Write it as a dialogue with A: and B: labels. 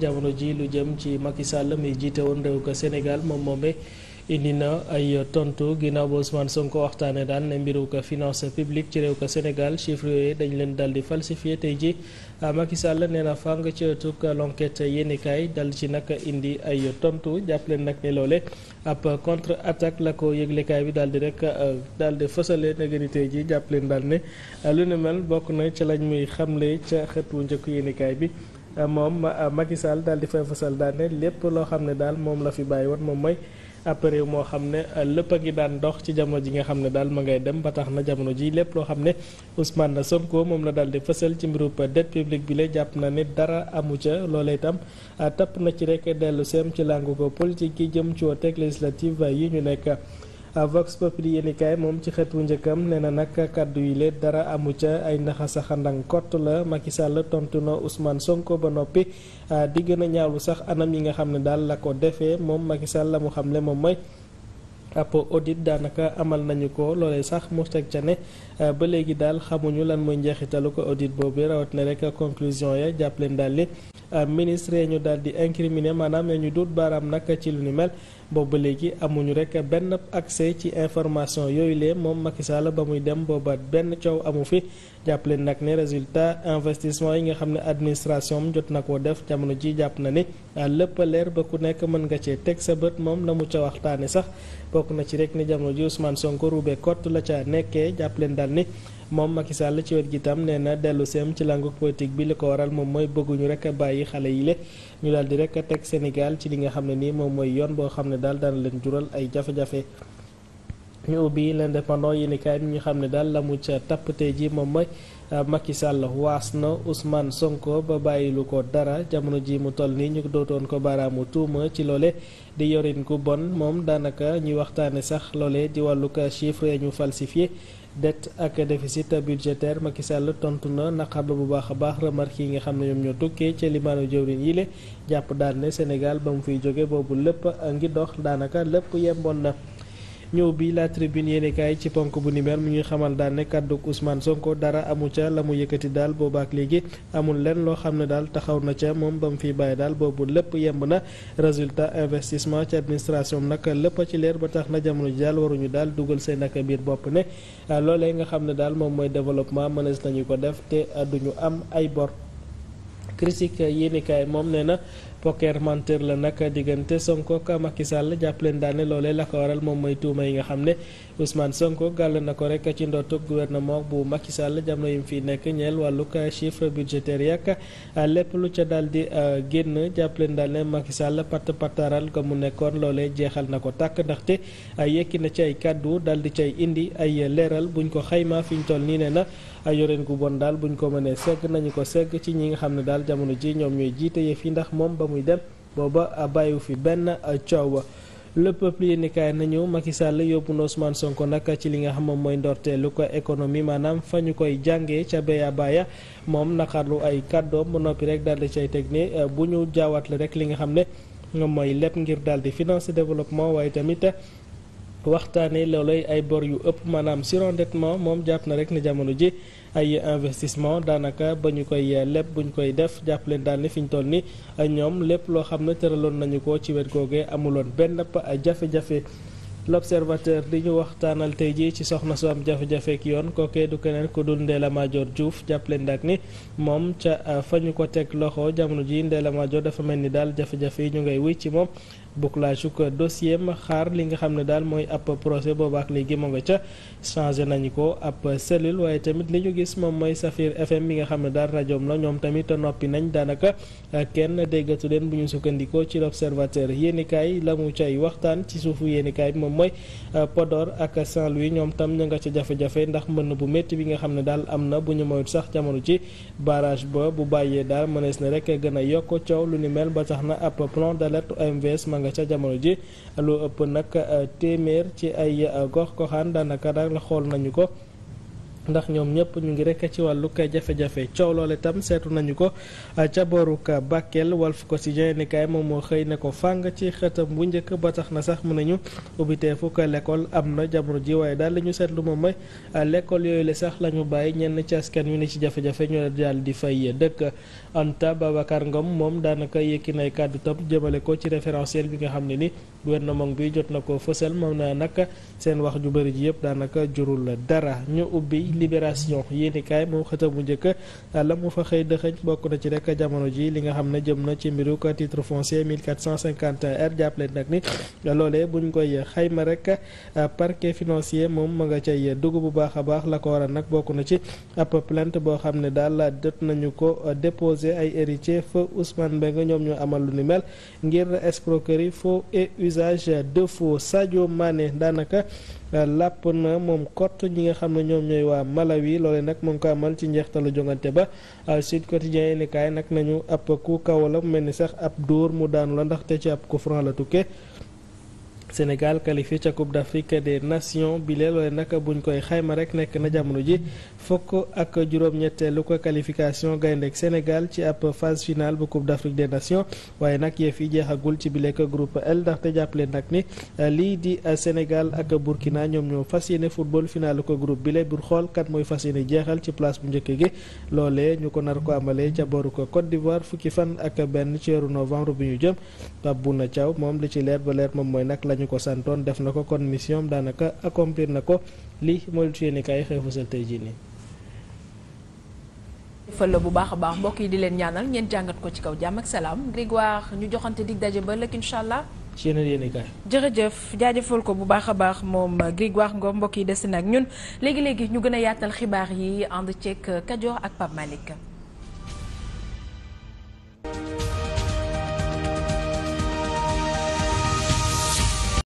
A: jamono ji lu jëm ci Macky Sall mi jiite woon réew ko Sénégal moom moome indi na ay tontu ginnaaw ba Ousmane Sonko waxtaane daal ne mbiru ko finance publique ci réew ko Sénégal chiffre dañu leen dal di falsifié tey ji ah, Macky Sall nee na fàng ci ëttub l'enquête yéenikaay dal ci nag indi ay tontu jàpp leen nag ne loole ab contre attaque la yëglekaay bi daal di rek ah, daal di fësale nagani ji jàpp leen daal ne lu ne mel bokk na ci lañ muy xamle ca xët wu njëkk yéenikaay bi Euh, moom euh, Macky Sall daal di fa fasal daal lépp loo xam ne daal moom la fi bàyyi woon moom may ab moo xam ne euh, lépp a ngi daan dox ci jamono ji nga xam ne daal ma ngay dem ba tax na jamono ji lépp loo xam ne Ousmane ko moom la daal di fësal ci mbirum dette publique bi lay jàpp na ne dara amu ca loolee itam tapp na ci rek dellu seem ci làngu ko politique yi jëm ci woteeg législative yi ñu nekk. Vox Populi yéenikaay moom ci xët wu njëkkam nee na nag kàddu yi leen dara amu ca ay ndaxa saxandang kott la Macky Sall tontu na Ousmane Sonko ba noppi di gën a ñaawlu sax anam yi nga xam ne daal la ko defee moom Macky Sall la mu xam ne moom mooy ab audit daanaka amal nañu ko loolee sax mu teg ca ne ba léegi daal xamuñu lan mooy njeexitalu ko audit boobu rawat ne rek conclusion ya jàpp leen daal li Euh, ministre ñu daal di incriminé maanaam ñu duut baaraam nag ci lu ni mel boobu léegi amuñu rek benn accès ci information yooyu lee moom Macky Sall ba muy dem boobaat benn coow amu fi leen nag ne résultat investissement yi nga xam ne administration am jot na koo def jamono ji jàpp na ni lépp leer ba ku nekk mën nga cee teg sa bët moom la mu ca waxtaane sax bokk na ci rek ni jamono ji Ousmane Sonko roube kott la ca nekkee jàpp leen daal ni moom Macky Sall ci wet gi nee na dellu seem ci langue politique bi li ko waral moom mooy bëgguñu rek a bàyyi xale yi le ñu daal di rek teg Sénégal ci li nga xam ne nii moom mooy yoon boo xam ne daal daan leen jural ay jafe-jafe. ñu ubbi l'indépendant yéenekaay bi ñu xam ne daal la mu ca tappte ji moom mooy euh, Macky Sall waas na Ousmane Sonko ba bàyyilu ko dara jamono ji mu toll nii ñu dootoon ko baaraamu tuuma ci loole di yorin ku bon moom daanaka ñuy waxtaane sax loole di wàllug chiffre ya ñu falsifié dette ak déficit budgétaire Macky Sall tontu na naqarlu bu baax a baax remarque yi nga xam ne ñoom ñoo tukkee ci limaanu jëwrin yi le jàpp daal ne Sénégal ba mu fiy jóge boobu lépp ngi dox daanaka lépp yemboon na ñëw bi la tribune yéenekaay ci ponk bu ni mel mu ñuy xamal daal ne kàddu Ousmane Sonko dara amu ca la mu yëkkati daal boobaak léegi amul lenn loo xam ne daal taxaw na ca moom ba mu fiy bàyyi daal boobu lépp yemb na résultat investissement ci administration nag lépp ci leer ba tax na jamono ji daal waruñu daal dugal seen nag biir bopp ne loolee nga xam ne daal moom mooy développement mënees nañu ko def te duñu am ay bor critique yéenikaay moom nee na poker menteur la nag diggante Sonko ak Macky Sall jàpp leen daane loolee la waral moom mooy tuuma yi nga xam ne Ousmane Sonko gàll na ko rek ci ndootub gouvernement bu Macky Sall jamono yi mu fi nekk ñeel wàllug chiffre budgétaire yak lépp lu ca daal di euh, génn jàpp leen daane Macky Sall patt pattaral ko mu nekkoon loolee jeexal na ko tàkk ndaxte yekki na ci ay kàddu daal di cay indi ay leeral buñ ko xayma fi ñu toll nii nee na daal jamono ji ñoom ñooy jiite yëf yi ndax moom ba muy dem booba wu fi benn coow le peuple yéenekaay nañu Macky Sall yóbbu na Ousmane Sonko nag ci li nga xam moom mooy ndorteelu ko économie maanaam fa ñu koy jàngee ca béya baaya moom naqarlu ay kàddoom ba noppi rek daal di cay teg ne eh, bu ñu jaawaat la rek li nga xam ne moom mooy lépp ngir daal di financer développement waaye tamit. waxtaanee loolay ay bor yu ëpp maanaam surendettement moom jàpp na rek ne jamono ji ay investissement daanaka ba ñu koy leb bu ñu koy def jàpp leen daal ni fi ñu toll ni ñoom lépp loo xam ne tëraloon nañu ko ci wet googee amuloon benn jafe-jafe. l'observateur di ñu waxtaanal tey jii ci soxna su am jafe-jafe ak yoon kookee du keneen ku dul Ndella Madior Diouf jàppale ndaat ni moom ca fa ñu ko teg loxo jamono ji Ndella Madior dafa mel ni daal jafe yi ñu ngay wuy ci moom bouclage ko dossier ma xaar li nga xam ne daal mooy ab procès boobaak léegi mu nga ca changé nañu ko ab cellule waaye tamit li ñu gis moom mooy Safir FM mi nga xam ne daal rajoom la ñoom tamit noppi nañ daanaka kenn déggatu leen bu ñu sukkandikoo ci l'observateur yéenikaay la mu cay waxtaan ci suufu yéenikaay bi moom mooy Podor ak Saint-Louis ñoom tam ñu nga ca jafe-jafe ndax mbënn bu métti bi nga xam ne daal am na bu ñu moyut sax jamono ci barrage ba bu bàyyee daal mënees na rek gën a yokk coow lu ni ba tax na ab plan d'alerte AMVS nga ca jamono ji lu ëpp nag téeméer ci ay gox goxaan daanaka daal xool nañu ko ndax ñoom ñëpp ñu ngi rek ci wàllu kay jafe-jafe coow loole tam seetu nañu ko ah, ca booruk Bakel Walf Quotidien ni kaay moom moo xëy ne ko fàng ci xëtam bu njëkk ba tax na sax mu nañu ubbitee fukk l'école am na jamono ji waaye daal li ñu seetlu moom mooy ah, l'école yooyu la sax lañu bàyyi ñenn ci askan wi ne ci jafe-jafe ñu daal di fay dëkk Anta Babacar Ngom moom daanaka yëkki nay kàddu tam jëmale ko ci référentiel bi nga xam ne nii gouvernement bi jot na ko fësal moom naa nag seen wax ju bari ji yëpp daanaka jurul dara ñu ubbi libération yéenikaay moom xëta mu njëkk la mu fa xëy dëxëñ bokk na ci rek jamono ji li nga xam ne jëm na ci mbiru titre foncier 1450R jàppale nag ni loolee buñ koy xayma rek parquet financier moom mu nga cay dugg bu baax a baax la ko waral nag bokk na ci ab plainte boo xam ne daal jot nañu ko déposé ay héritier fa Ousmane Mbengue ñoom ñoo amal lu ni mel visage de faux Sadio Mané daanaka làpp na moom kott ñi nga xam ne ñoom ñooy waa Malawi loole nag mu ngi ko amal ci njeextalu jongante ba Sud Quotidien ni kaay nag nañu ab ku kaw la mel ni sax ab dóor mu daanu la te ci ab coup franc la tukkee. Sénégal qualifié ca Coupe d'Afrique des nation bi lee loole nag buñ koy xayma rek nekk na jamono ji fukk ak juróom-ñetteelu ko qualification gayndeek Sénégal ci ab phase finale bu Coupe d'Afrique de Nations waaye nag yëf yi jeexagul ci bilek groupe L ndaxte jàppale nag ni eh, lii di eh, Sénégal ak Burkina ñoom ñoo fas yéene football final ko groupe bile bur xool kat mooy fas yéene jeexal ci place bu njëkk gi loolee ñu ko nar ko amalee ca boru ko Côte d'Ivoire fukki fan ak benn ci weeru novembre bi ñu jëm Pape na Thiaw moom li ci leer ba leer moom mooy nag la ñu ko santoon def na ko kon mission daanaka accomplir na ko lii mooy lu tuyee ne kaay xew fësal tey jii nii. fël la bu baax a baax mbokk yi di leen ñaanal ngeen jàngat ko ci kaw jàmm ak salaam Grégoire ñu joxante di daje ba lëkk incha allah. ci yeneen jërëjëf jaajëfal ko bu baax a baax moom Grégoire Ngom mbokk yi des na ak ñun léegi léegi ñu gën a yaatal xibaar yi ànd ceeg Kajoor ak Pape Malick.